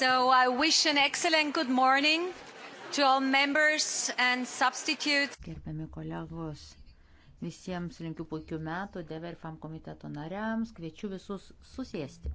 So I wish an excellent good morning to all members and substitutes. Gerbiami kolegos, visiems linkiu puikių metų, Deverfam komiteto nariams, kviečiu visus susėsti.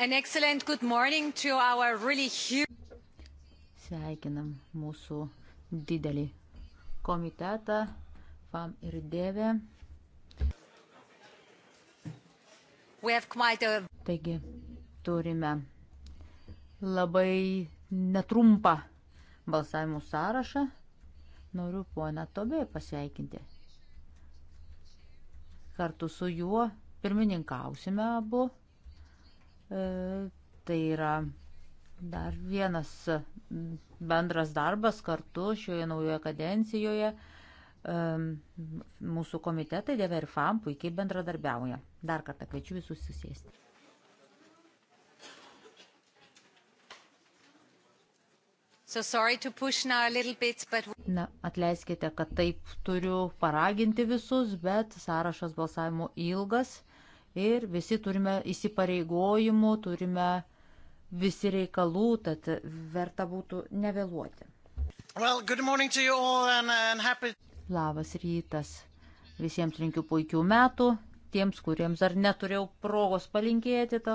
An excellent good morning to our really huge. Sveikinam mūsų didelį komitetą, FAM ir Dėvė. A... Taigi turime labai netrumpą balsavimų sąrašą. Noriu poną Tobė pasveikinti. Kartu su juo pirmininkausime abu. E, tai yra dar vienas bendras darbas kartu šioje naujoje kadencijoje. E, mūsų komitetai Deve ir FAM puikiai bendradarbiauja. Dar kartą kviečiu visus susėsti. So bit, but... Na, atleiskite, kad taip turiu paraginti visus, bet sąrašas balsavimo ilgas ir visi turime įsipareigojimų, turime visi reikalų, tad verta būtų nevėluoti. Well, and, and happy... Labas rytas. Visiems linkiu puikių metų. Tiems, kuriems dar neturėjau progos palinkėti to,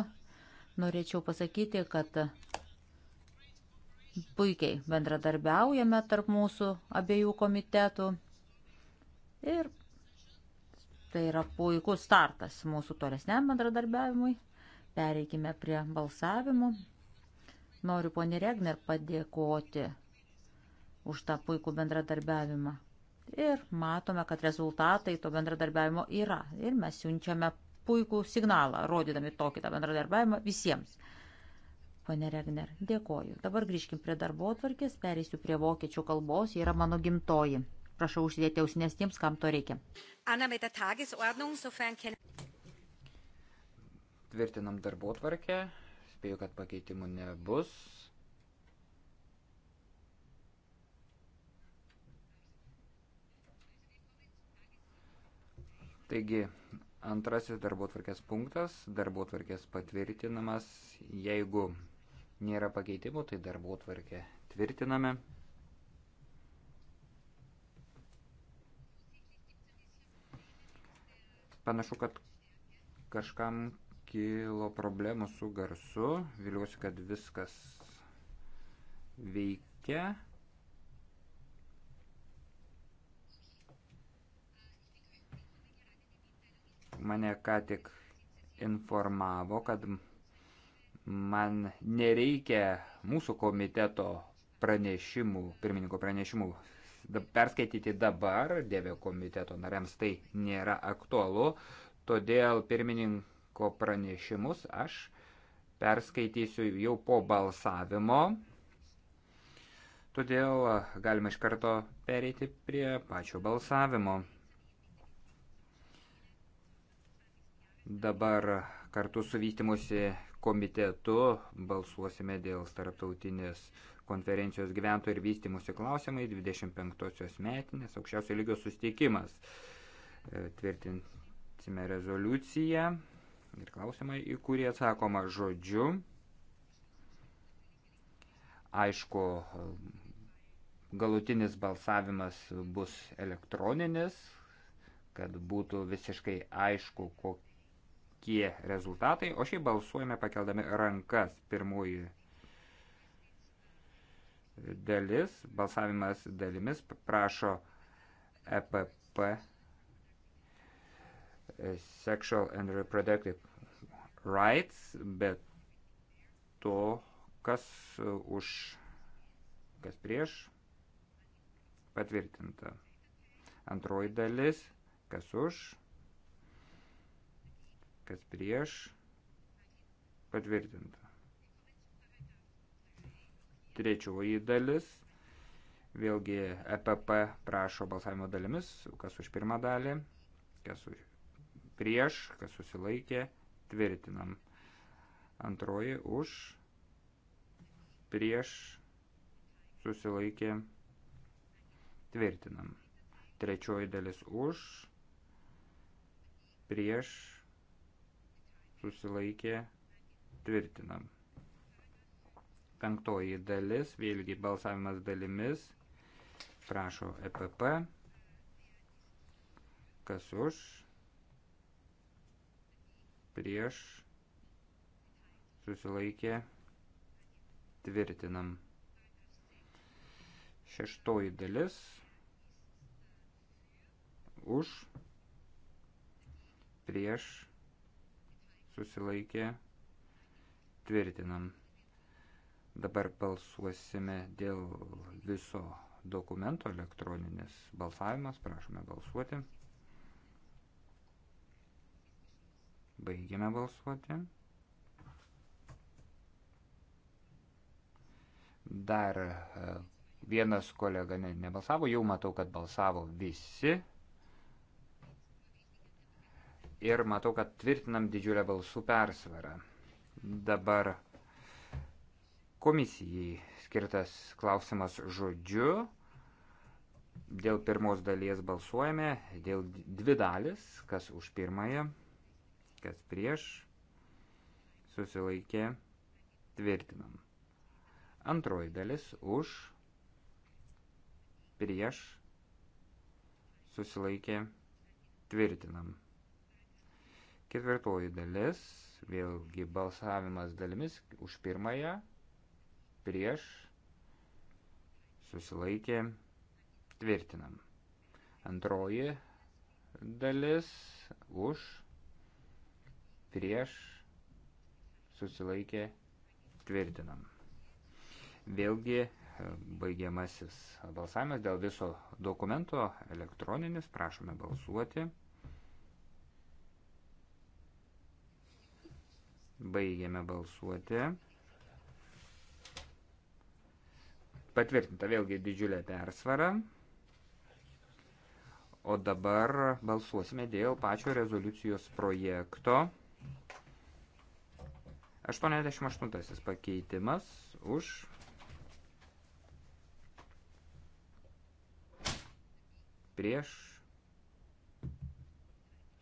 norėčiau pasakyti, kad puikiai bendradarbiaujame tarp mūsų abiejų komitetų. Ir Tai yra puikus startas mūsų tolesniam bendradarbiavimui. Pereikime prie balsavimų. Noriu ponį Regner padėkoti už tą puikų bendradarbiavimą. Ir matome, kad rezultatai to bendradarbiavimo yra. Ir mes siunčiame puikų signalą, rodydami tokį tą bendradarbiavimą visiems. Pane Regner, dėkoju. Dabar grįžkim prie darbo atvarkės, pereisiu prie vokiečių kalbos, ji yra mano gimtoji. Prašau užsidėti ausinės tiems, kam to reikia. Tvirtinam darbo tvarkę. Spėju, kad pakeitimų nebus. Taigi, antrasis darbo tvarkės punktas, darbo tvarkės patvirtinamas. Jeigu nėra pakeitimų, tai darbo tvarkę tvirtiname. Panašu, kad kažkam kilo problemų su garsu. Viliuosi, kad viskas veikia. Mane ką tik informavo, kad man nereikia mūsų komiteto pranešimų, pirmininko pranešimų perskaityti dabar, dėvė komiteto nariams tai nėra aktualu, todėl pirmininko pranešimus aš perskaitysiu jau po balsavimo. Todėl galima iš karto pereiti prie pačio balsavimo. Dabar kartu su vystimusi komitetu balsuosime dėl starptautinės konferencijos gyventojų ir vystimusi klausimai 25-osios metinės aukščiausio lygio susteikimas. E, tvirtinsime rezoliuciją ir klausimai, į kurį atsakoma žodžiu. Aišku, galutinis balsavimas bus elektroninis, kad būtų visiškai aišku, kokie rezultatai, o šiaip balsuojame pakeldami rankas. Pirmoji dalis, balsavimas dalimis prašo EPP e, Sexual and Reproductive Rights, bet to, kas už, kas prieš, patvirtinta. Antroji dalis, kas už, kas prieš, patvirtinta. Trečioji dalis. Vėlgi EPP prašo balsavimo dalimis, kas už pirmą dalį, kas už prieš, kas susilaikė, tvirtinam. Antroji už, prieš, susilaikė, tvirtinam. Trečioji dalis už, prieš, susilaikė, tvirtinam. Penktoji dalis, vėlgi balsavimas dalimis, prašo EPP, kas už, prieš, susilaikė, tvirtinam. Šeštoji dalis, už, prieš, susilaikė, tvirtinam. Dabar balsuosime dėl viso dokumento elektroninis balsavimas. Prašome balsuoti. Baigiame balsuoti. Dar e, vienas kolega ne, nebalsavo, jau matau, kad balsavo visi. Ir matau, kad tvirtinam didžiulę balsų persvarą. Dabar Komisijai skirtas klausimas žodžiu. Dėl pirmos dalies balsuojame, dėl dvi dalis, kas už pirmąją, kas prieš, susilaikė, tvirtinam. Antroji dalis už, prieš, susilaikė, tvirtinam. Ketvirtoji dalis, vėlgi balsavimas dalimis už pirmąją, prieš, susilaikė, tvirtinam. Antroji dalis už, prieš, susilaikė, tvirtinam. Vėlgi baigiamasis balsavimas dėl viso dokumento elektroninis, prašome balsuoti. Baigiame balsuoti. patvirtinta vėlgi didžiulė persvara. O dabar balsuosime dėl pačio rezoliucijos projekto. 88 pakeitimas už. Prieš.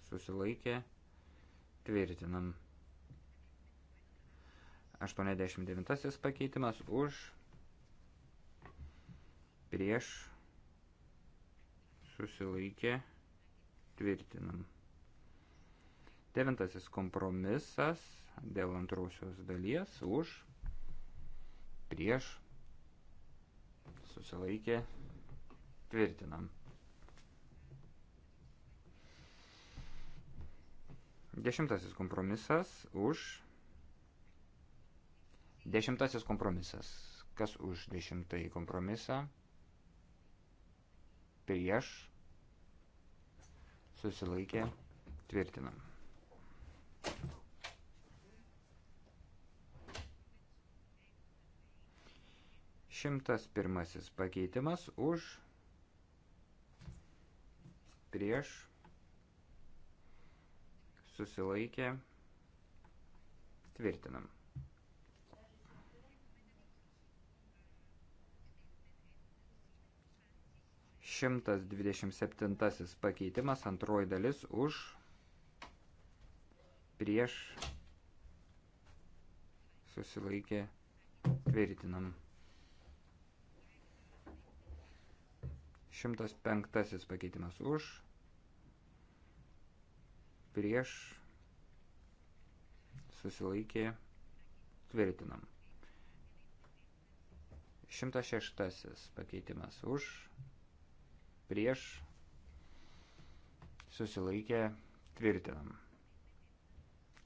Susilaikė. Tvirtinam. 89 pakeitimas už prieš susilaikė tvirtinam. Devintasis kompromisas dėl antrosios dalies už prieš susilaikė tvirtinam. Dešimtasis kompromisas už dešimtasis kompromisas. Kas už dešimtąjį kompromisą? prieš, susilaikė, tvirtinam. Šimtas pirmasis pakeitimas už, prieš, susilaikė, tvirtinam. 127 pakeitimas antroji dalis už prieš susilaikė tvirtinam. 105 pakeitimas už prieš susilaikė tvirtinam. 106 pakeitimas už prieš prieš susilaikė tvirtinam.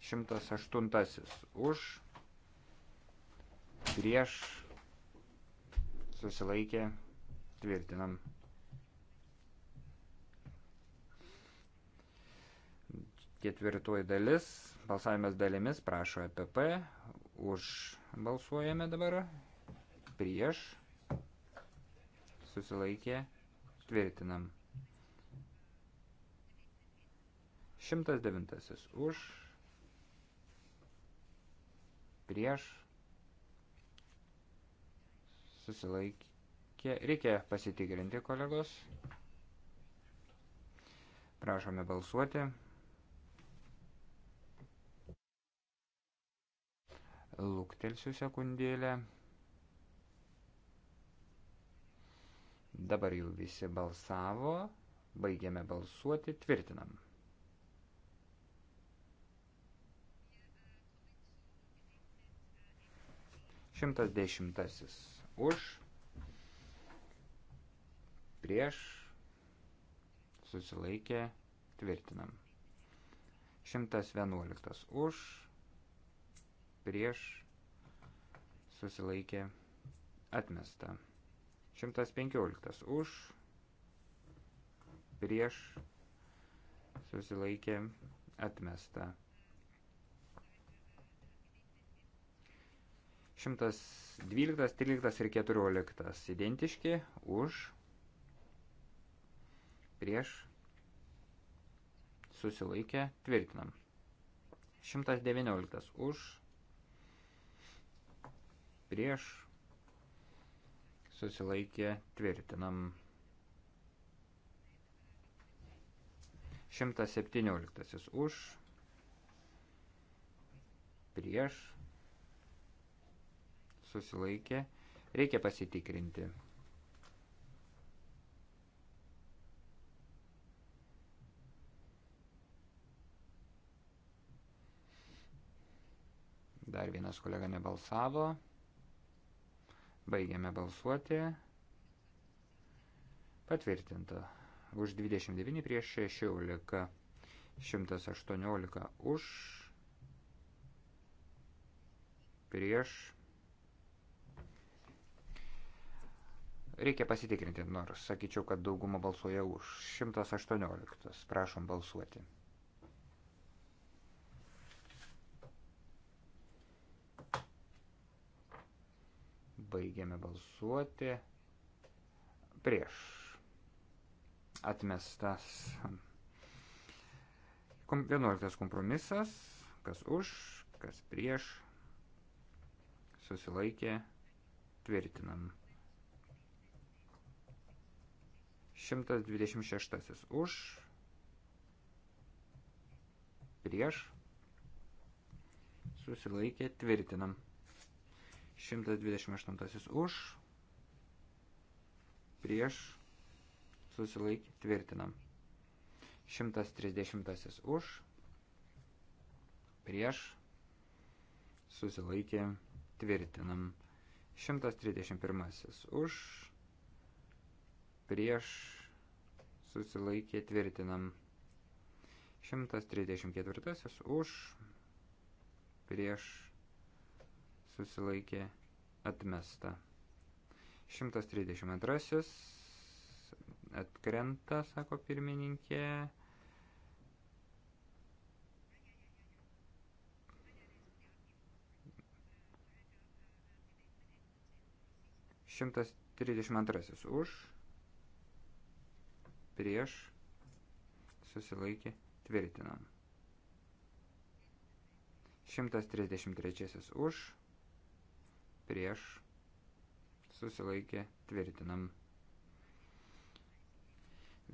108 už prieš susilaikė tvirtinam. Ketvirtoji dalis, balsavimas dalimis, prašo EPP, už balsuojame dabar, prieš susilaikė Tvirtinam. 109 už, prieš, susilaikė, reikia pasitikrinti kolegos. Prašome balsuoti. Lūktelsiu sekundėlę. Dabar jau visi balsavo, baigiame balsuoti, tvirtinam. Šimtas dešimtasis už, prieš, susilaikė, tvirtinam. Šimtas vienuoliktas už, prieš, susilaikė, atmesta. 115 už, prieš, susilaikė, atmesta. 112, 13 ir 14 identiški, už, prieš, susilaikė, tvirtinam. 119 už, prieš, susilaikė tvirtinam. 117 už, prieš, susilaikė, reikia pasitikrinti. Dar vienas kolega nebalsavo. Baigiame balsuoti. Patvirtinta. Už 29 prieš 16. 118 už. Prieš. Reikia pasitikrinti, nors sakyčiau, kad dauguma balsuoja už. 118. Prašom balsuoti. Baigiame balsuoti. Prieš. Atmestas. 11 kompromisas. Kas už, kas prieš. Susilaikė. Tvirtinam. 126 už. Prieš. Susilaikė. Tvirtinam. 128 už, prieš, susilaikė, tvirtinam. 130 už, prieš, susilaikė, tvirtinam. 131 už, prieš, susilaikė, tvirtinam. 134 už, prieš, susilaikė atmesta. 132 atkrenta, sako pirmininkė. Šimtas trisdešimt antrasis už, prieš, susilaikė, tvirtinam. Šimtas trisdešimt trečiasis už, prieš prieš susilaikė tvirtinam.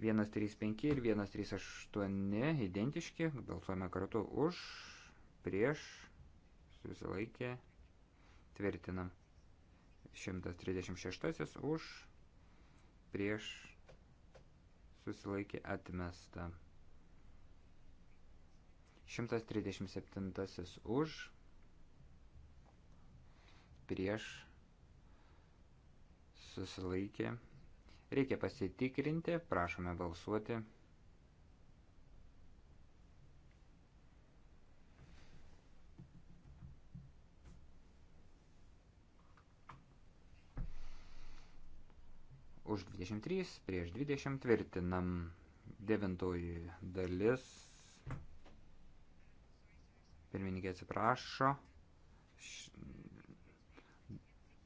135 ir 138 identiški, balsuojame kartu už, prieš susilaikė tvirtinam. 136 už, prieš susilaikė atmesta. 137 už, prieš susilaikė. Reikia pasitikrinti, prašome balsuoti. Už 23, prieš 20 tvirtinam devintoji dalis. Pirmininkė atsiprašo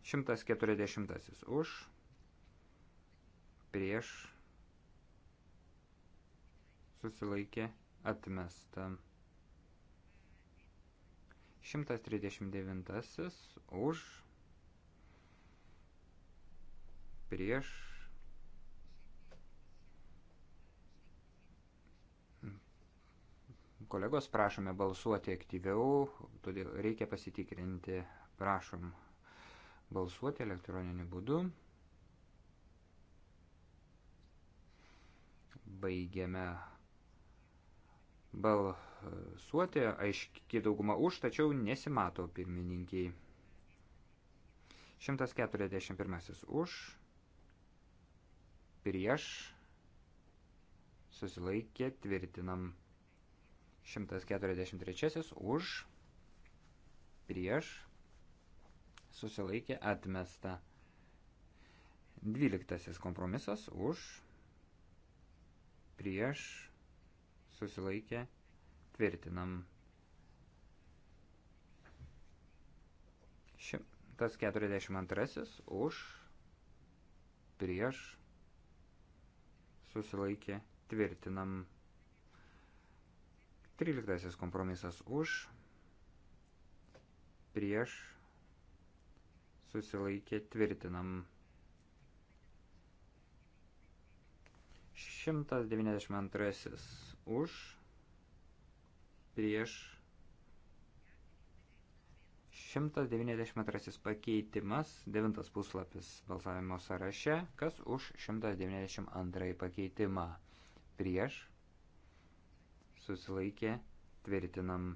140 už, prieš, susilaikė, atmesta. 139 už, prieš, kolegos prašome balsuoti aktyviau, todėl reikia pasitikrinti, prašom balsuoti elektroniniu būdu. Baigiame balsuoti, aiškiai dauguma už, tačiau nesimato pirmininkiai. 141 už, prieš, susilaikė, tvirtinam. 143 už, prieš, susilaikė atmesta. Dvyliktasis kompromisas už, prieš, susilaikė, tvirtinam. 142 už, prieš, susilaikė, tvirtinam. 13 kompromisas už, prieš, susilaikė tvirtinam. 192 už, prieš 192 pakeitimas, 9 puslapis balsavimo sąraše, kas už 192 pakeitimą, prieš susilaikė tvirtinam.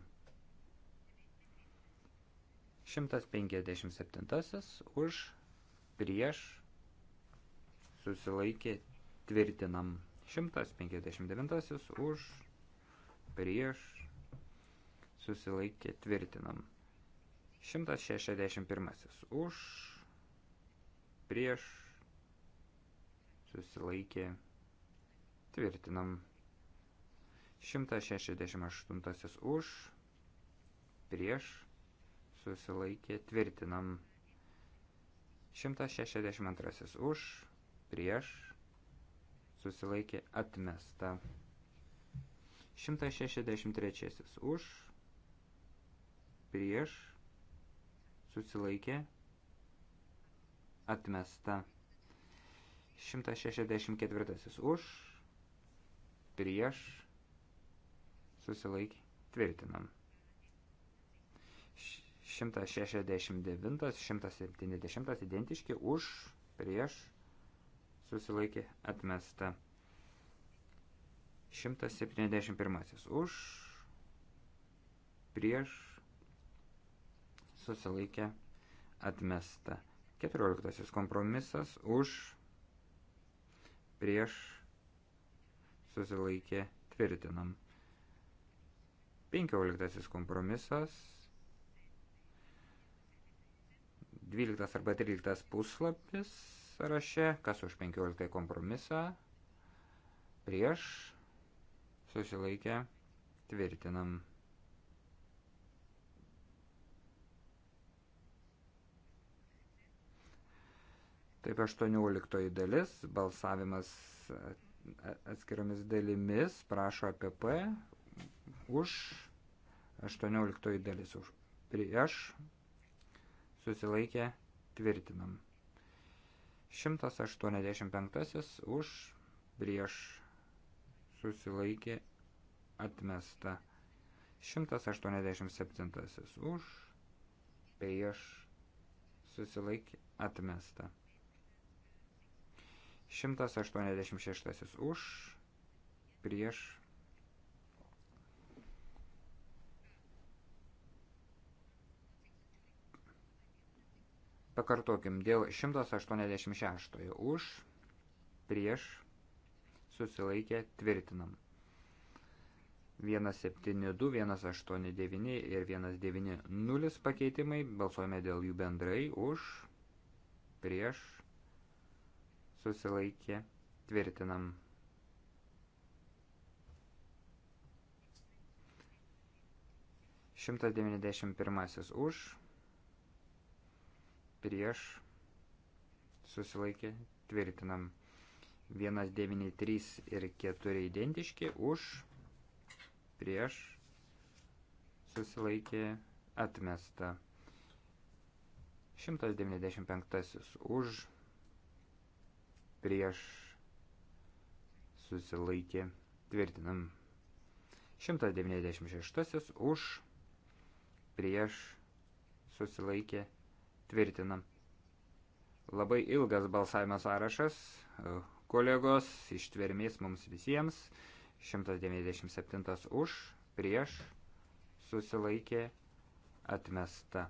157 už prieš susilaikė tvirtinam. 159 už prieš susilaikė tvirtinam. 161 už prieš susilaikė tvirtinam. 168 už prieš susilaikė, tvirtinam. 162 už, prieš, susilaikė, atmesta. 163 už, prieš, susilaikė, atmesta. 164 už, prieš, susilaikė, tvirtinam. 169, 170 identiški už, prieš, susilaikė atmesta. 171 už, prieš, susilaikė atmesta. 14 kompromisas už, prieš, susilaikė tvirtinam. 15 kompromisas 12 arba 13 puslapis sąraše, kas už 15 kompromisą, prieš, susilaikę, tvirtinam. Taip 18 dalis, balsavimas atskiromis dalimis, prašo APP už 18 dalis už prieš susilaikę tvirtinam. 185 už prieš susilaikė atmesta. 187 už prieš susilaikė atmesta. 186 už prieš Pakartokim, dėl 186 už, prieš, susilaikė, tvirtinam. 172, 189 ir 190 pakeitimai, balsuojame dėl jų bendrai, už, prieš, susilaikė, tvirtinam. Šimtas devyniasdešimt pirmasis už, prieš susilaikė tvirtinam. 1, 9, 3 ir 4 identiški už prieš susilaikė atmesta. 195 už prieš susilaikė tvirtinam. 196 už prieš susilaikė atmesta Tvirtinam. Labai ilgas balsavimo sąrašas, e, kolegos, ištvermės mums visiems. 197 už, prieš, susilaikė, atmesta.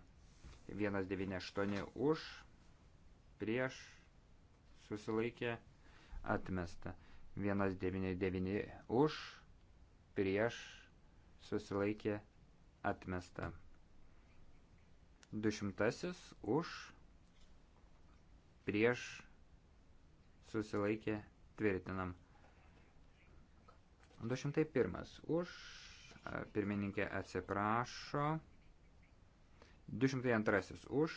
198 už, prieš, susilaikė, atmesta. 199 už, prieš, susilaikė, atmesta. 200 už prieš susilaikė tvirtinam. 201 už pirmininkė atsiprašo. 202 už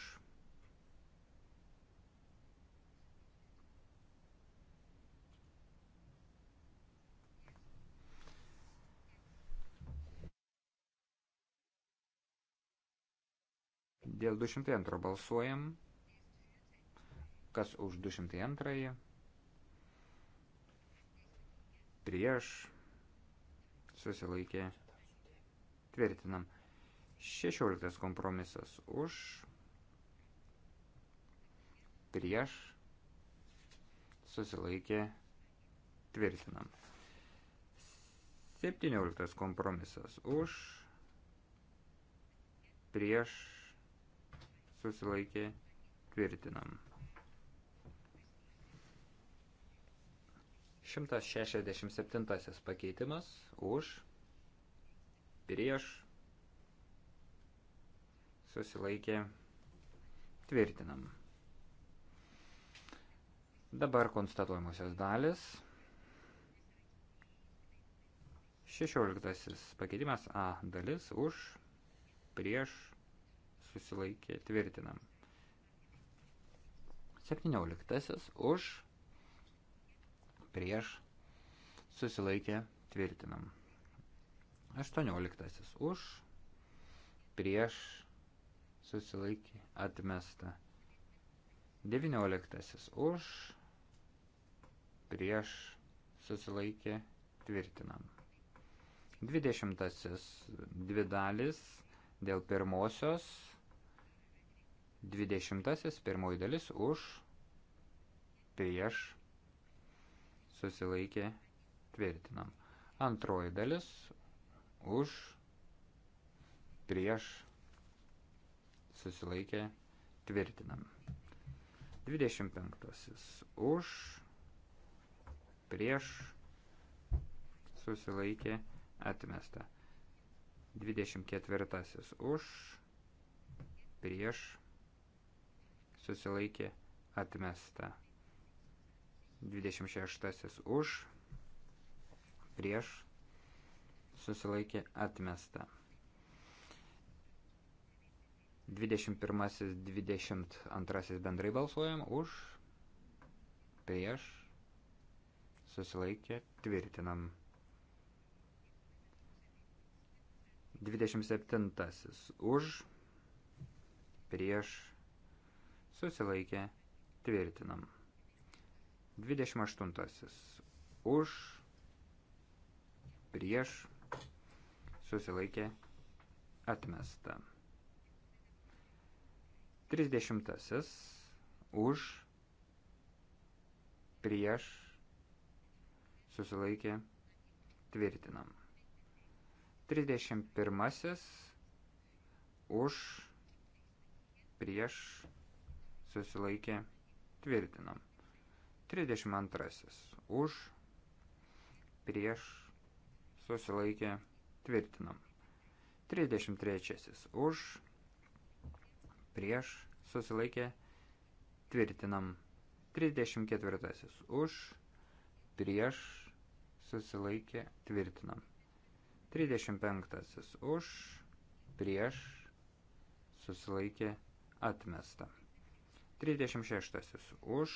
Dėl 202 balsuojam. Kas už 202? Prieš. Susilaikė. Tvirtinam. 16 kompromisas už. Prieš. Susilaikė. Tvirtinam. 17 kompromisas už prieš susilaikė tvirtinam. 167 pakeitimas už, prieš, susilaikė, tvirtinam. Dabar konstatuojamosios dalis. 16 pakeitimas A dalis už, prieš, susilaikė tvirtinam. 17 už prieš susilaikė tvirtinam. 18 už prieš susilaikė atmesta. 19 už prieš susilaikė tvirtinam. 20 dvi dalis dėl pirmosios Dvidešimtasis pirmoji dalis už prieš susilaikė tvirtinam. Antroji dalis už prieš susilaikė tvirtinam. 25. Už prieš susilaikė atmesta. 24. Už prieš susilaikė atmesta. 26 už, prieš, susilaikė atmesta. 21-22 bendrai balsuojam už, prieš, susilaikė, tvirtinam. 27 už, prieš, susilaikė, tvirtinam. 28. Už, prieš, susilaikė, atmesta. 30. Už, prieš, susilaikė, tvirtinam. 31. Už, prieš, susilaikė susilaikė tvirtinam. 32. Už, prieš, susilaikė tvirtinam. 33. Už, prieš, susilaikė tvirtinam. 34. Už, prieš, susilaikė tvirtinam. 35. Už, prieš, susilaikė atmestam. 36 už,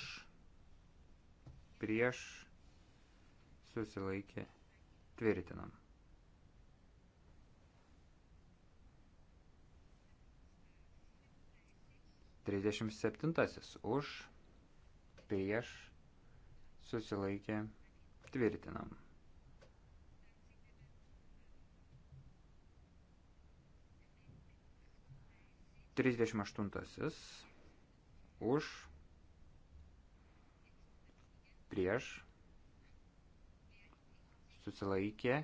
prieš, susilaikė, tvirtinam. Trisdešimt septintasis už, prieš, susilaikė, tvirtinam. Trisdešimt aštuntasis už už, prieš, susilaikė,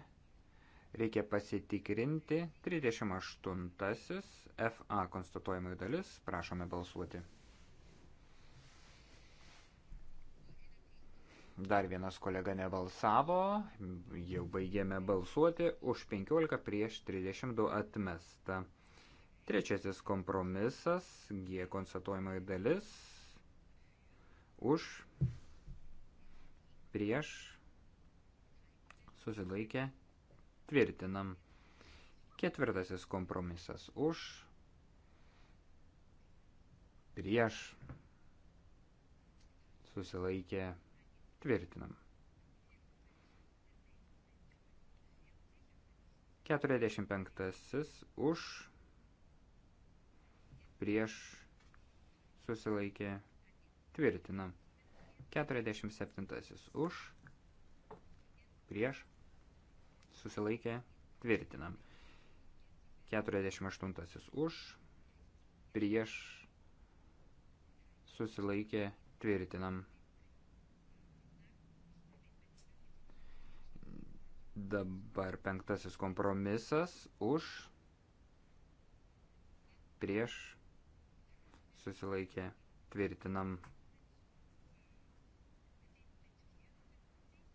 reikia pasitikrinti 38 FA konstatuojamai dalis, prašome balsuoti. Dar vienas kolega nebalsavo, jau baigėme balsuoti, už 15 prieš 32 atmestą. Trečiasis kompromisas, G konstatuojama dalis, už, prieš, susilaikę, tvirtinam. Ketvirtasis kompromisas, už, prieš, susilaikę, tvirtinam. 45 už prieš susilaikė tvirtina. 47 už prieš susilaikė tvirtina. 48 už prieš susilaikė tvirtinam. Dabar penktasis kompromisas už prieš susilaikė tvirtinam.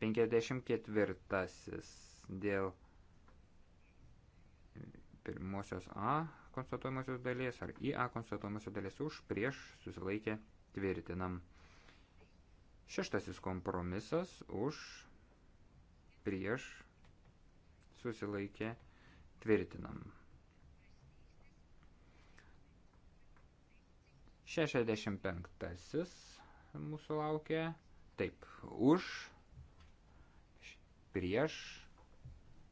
54 dėl pirmosios A konstatuojamosios dalies ar į A konstatuojamosios dalies už prieš susilaikė tvirtinam. Šeštasis kompromisas už prieš susilaikė tvirtinam. 65 mūsų laukia. Taip, už, prieš,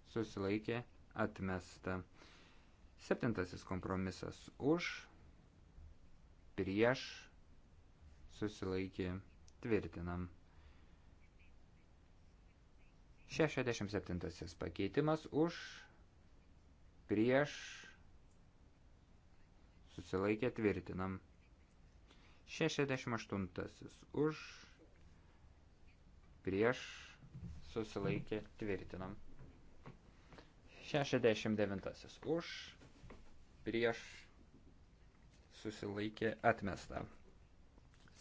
susilaikė, atmesta. Septintasis kompromisas už, prieš, susilaikė, tvirtinam. 67 pakeitimas už, prieš, susilaikė, tvirtinam. 68 už, prieš, susilaikė, tvirtinam. 69 už, prieš, susilaikė, atmesta.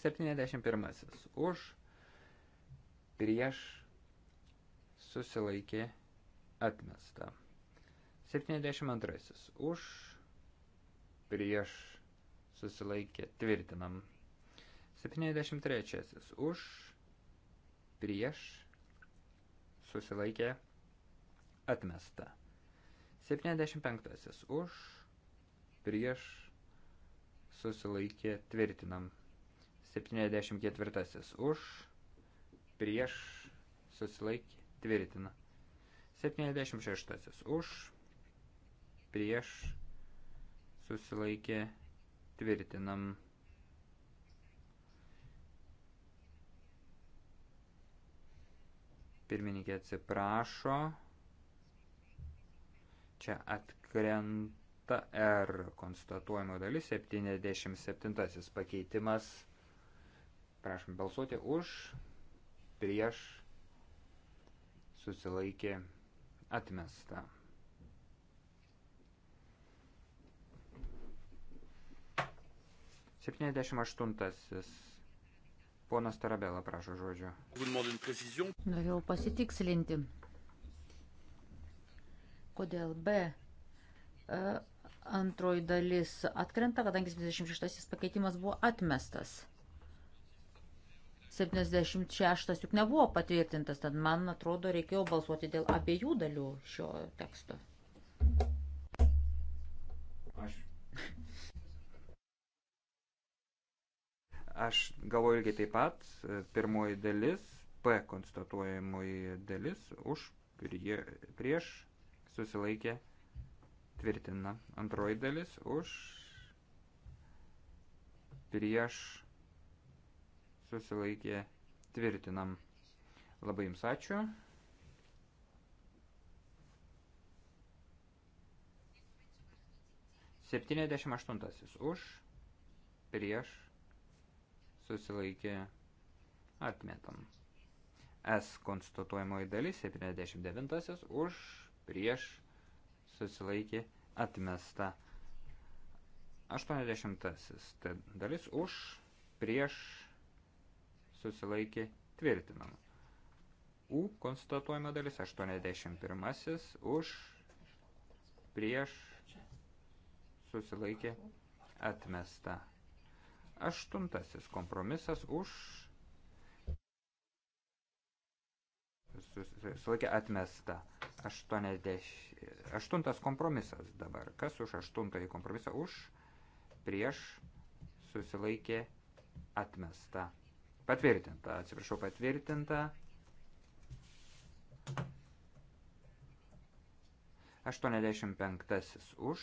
71 už, prieš, susilaikė, atmesta. 72 už, prieš, susilaikė, tvirtinam. 73 už, prieš, susilaikė, atmesta. 75 už, prieš, susilaikė, tvirtinam. 74 už, prieš, susilaikė, tvirtina. 76 už, prieš, susilaikė, tvirtinam. Pirmininkė atsiprašo. Čia atkrenta R konstatuojimo dalis 77 pakeitimas. Prašom balsuoti už, prieš, susilaikė, atmesta. Septyniasdešimt aštuntasis Ponas Tarabela prašo žodžio. Norėjau pasitikslinti, kodėl B e, antroji dalis atkrenta, kadangi 76 pakeitimas buvo atmestas. 76 juk nebuvo patvirtintas, tad man atrodo reikėjo balsuoti dėl abiejų dalių šio teksto. Aš galvoju irgi taip pat, e, pirmoji dalis, P konstatuojamoji dalis, už, prie, prieš, susilaikė, tvirtina. Antroji dalis, už, prieš, susilaikė, tvirtinam. Labai jums ačiū. Septyniasdešimt aštuntasis už, prieš, susilaikė atmetam. S konstatuojamoji dalis 79 už prieš susilaikė atmesta. 80 tai dalis už prieš susilaikė tvirtinama. U konstatuojama dalis 81 už prieš susilaikė atmesta. Aštuntasis kompromisas už sulaikė atmesta. Aštuonedeš... Aštuntas kompromisas dabar. Kas už aštuntąjį kompromisą? Už, prieš, susilaikė atmesta. Patvirtinta, atsiprašau, patvirtinta. Aštuonedešimt penktasis už,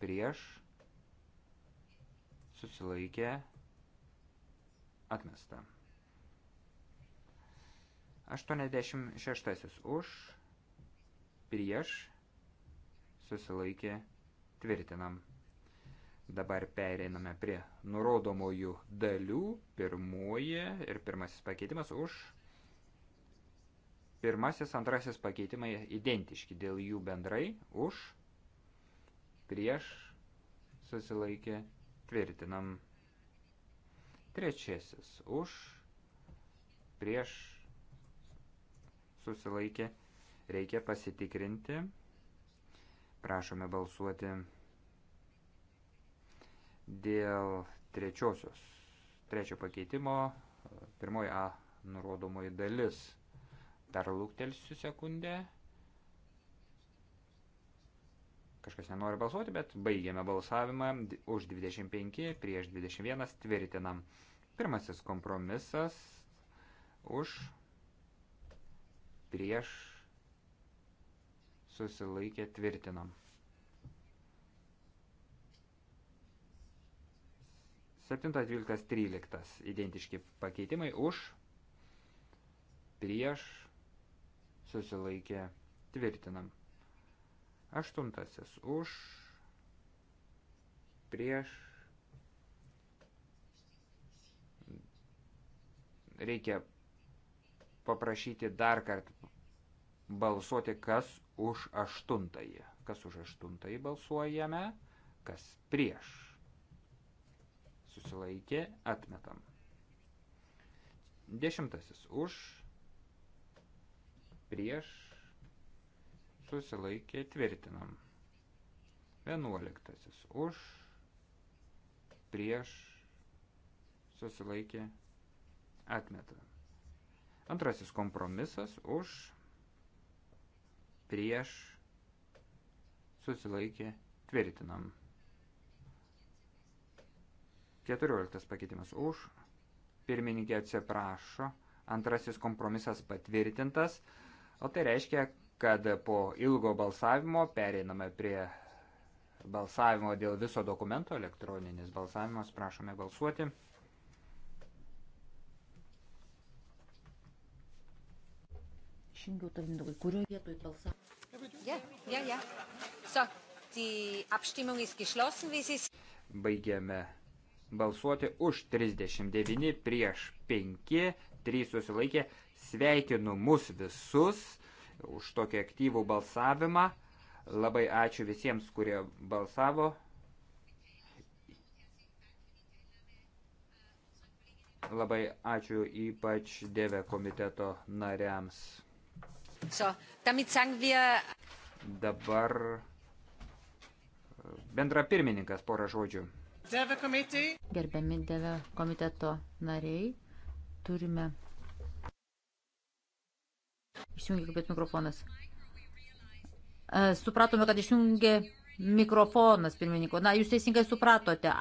prieš, susilaikė, atmesta. 86 už, prieš, susilaikė, tvirtinam. Dabar pereiname prie nurodomųjų dalių. Pirmoji ir pirmasis pakeitimas už. Pirmasis, antrasis pakeitimai identiški dėl jų bendrai. Už, prieš, susilaikė, Tvirtinam. Trečiasis už, prieš, susilaikė, reikia pasitikrinti. Prašome balsuoti dėl trečiosios, trečio pakeitimo, pirmoji A nurodomoji dalis. Dar lūktelsiu sekundę. Kažkas nenori balsuoti, bet baigiame balsavimą už 25 prieš 21 tvirtinam. Pirmasis kompromisas už prieš susilaikė tvirtinam. Septintas, dvyliktas, tryliktas identiški pakeitimai už prieš susilaikė tvirtinam. Aštuntasis už, prieš, reikia paprašyti dar kartą balsuoti, kas už aštuntąjį. Kas už aštuntąjį balsuojame, kas prieš. Susilaikė, atmetam. Dešimtasis už, prieš, susilaikė tvirtinam. Vienuoliktasis už, prieš, susilaikė atmeta. Antrasis kompromisas už, prieš, susilaikė tvirtinam. Keturioliktas pakeitimas už, pirmininkė atsiprašo, antrasis kompromisas patvirtintas, o tai reiškia, kad po ilgo balsavimo pereiname prie balsavimo dėl viso dokumento, elektroninis balsavimas, prašome balsuoti. Išjungiau tavindavai, kurio vietoj balsavo? Ja, ja, ja. So, die Abstimmung ist geschlossen, wie sie ist. Baigiame balsuoti už 39 prieš 5, 3 susilaikė. Sveikinu mus visus už tokį aktyvų balsavimą. Labai ačiū visiems, kurie balsavo. Labai ačiū ypač Dėvė komiteto nariams. So, wir... Dabar e, bendra pirmininkas porą žodžių. Gerbiami Dėvė komiteto nariai, turime Įsijungia kalbėt mikrofonas. E, supratome, kad išjungė mikrofonas pirmininko. Na, jūs teisingai supratote,